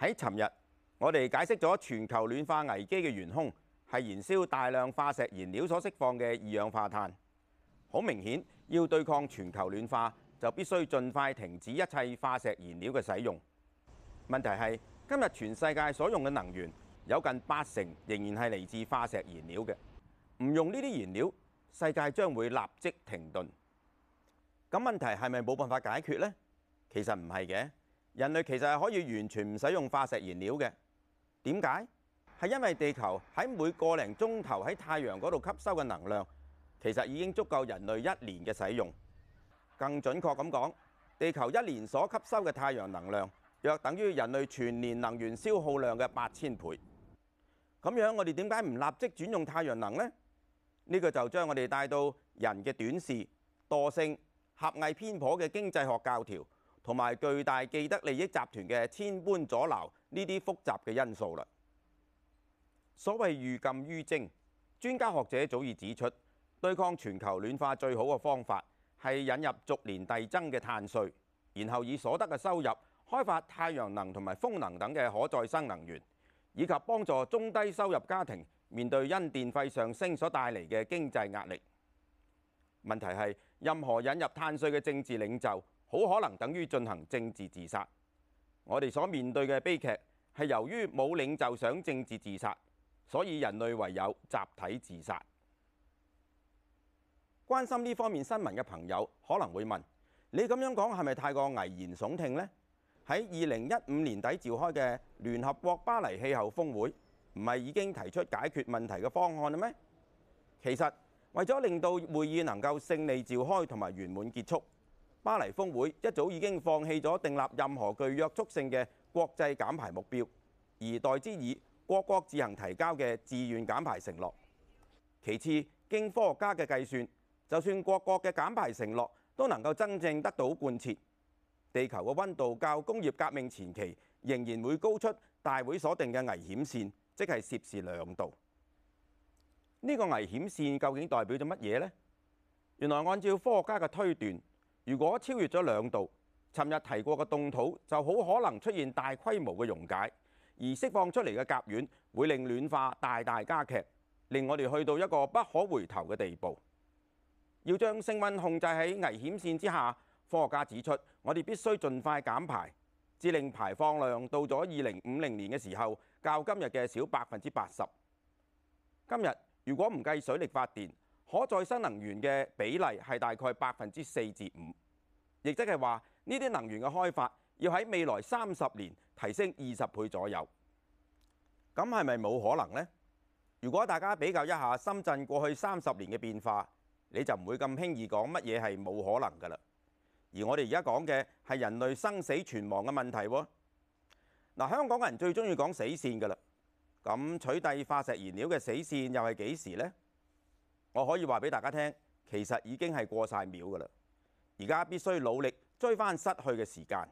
喺尋日，我哋解釋咗全球暖化危機嘅元兇係燃燒大量化石燃料所釋放嘅二氧化碳。好明顯，要對抗全球暖化，就必須盡快停止一切化石燃料嘅使用。問題係今日全世界所用嘅能源有近八成仍然係嚟自化石燃料嘅。唔用呢啲燃料，世界將會立即停頓。咁問題係咪冇辦法解決呢？其實唔係嘅。人類其實係可以完全唔使用化石燃料嘅，點解？係因為地球喺每個零鐘頭喺太陽嗰度吸收嘅能量，其實已經足夠人類一年嘅使用。更準確咁講，地球一年所吸收嘅太陽能量，約等於人類全年能源消耗量嘅八千倍。咁樣我哋點解唔立即轉用太陽能呢？呢個就將我哋帶到人嘅短視、惰性、狹隘偏頗嘅經濟學教條。同埋巨大既得利益集團嘅千般阻撓，呢啲複雜嘅因素啦。所謂預禁於精，專家學者早已指出，對抗全球暖化最好嘅方法係引入逐年遞增嘅碳稅，然後以所得嘅收入開發太陽能同埋風能等嘅可再生能源，以及幫助中低收入家庭面對因電費上升所帶嚟嘅經濟壓力。問題係任何引入碳稅嘅政治領袖。好可能等於進行政治自殺。我哋所面對嘅悲劇係由於冇領袖想政治自殺，所以人類唯有集體自殺。關心呢方面新聞嘅朋友可能會問：你咁樣講係咪太過危言聳聽呢？喺二零一五年底召開嘅聯合國巴黎氣候峰會，唔係已經提出解決問題嘅方案啦咩？其實為咗令到會議能夠勝利召開同埋圓滿結束。巴黎峰會一早已經放棄咗訂立任何具約束性嘅國際減排目標，而代之以各國自行提交嘅自願減排承諾。其次，經科學家嘅計算，就算各國嘅減排承諾都能夠真正得到貫徹，地球嘅溫度較工業革命前期仍然會高出大會所定嘅危險線，即係攝氏兩度。呢個危險線究竟代表咗乜嘢呢？原來按照科學家嘅推斷。如果超越咗兩度，尋日提過嘅凍土就好可能出現大規模嘅溶解，而釋放出嚟嘅甲烷會令暖化大大加劇，令我哋去到一個不可回頭嘅地步。要將升温控制喺危險線之下，科學家指出，我哋必須盡快減排，至令排放量到咗二零五零年嘅時候，較今日嘅少百分之八十。今日如果唔計水力發電，可再生能源嘅比例係大概百分之四至五，亦即係話呢啲能源嘅開發要喺未來三十年提升二十倍左右。咁係咪冇可能呢？如果大家比較一下深圳過去三十年嘅變化，你就唔會咁輕易講乜嘢係冇可能噶啦。而我哋而家講嘅係人類生死存亡嘅問題喎。嗱，香港人最中意講死線噶啦。咁取締化石燃料嘅死線又係幾時呢？我可以話俾大家聽，其實已經係過晒秒噶啦，而家必須努力追翻失去嘅時間。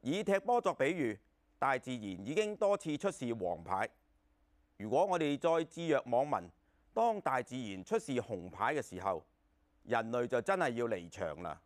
以踢波作比喻，大自然已經多次出示黃牌，如果我哋再置若罔聞，當大自然出示紅牌嘅時候，人類就真係要離場啦。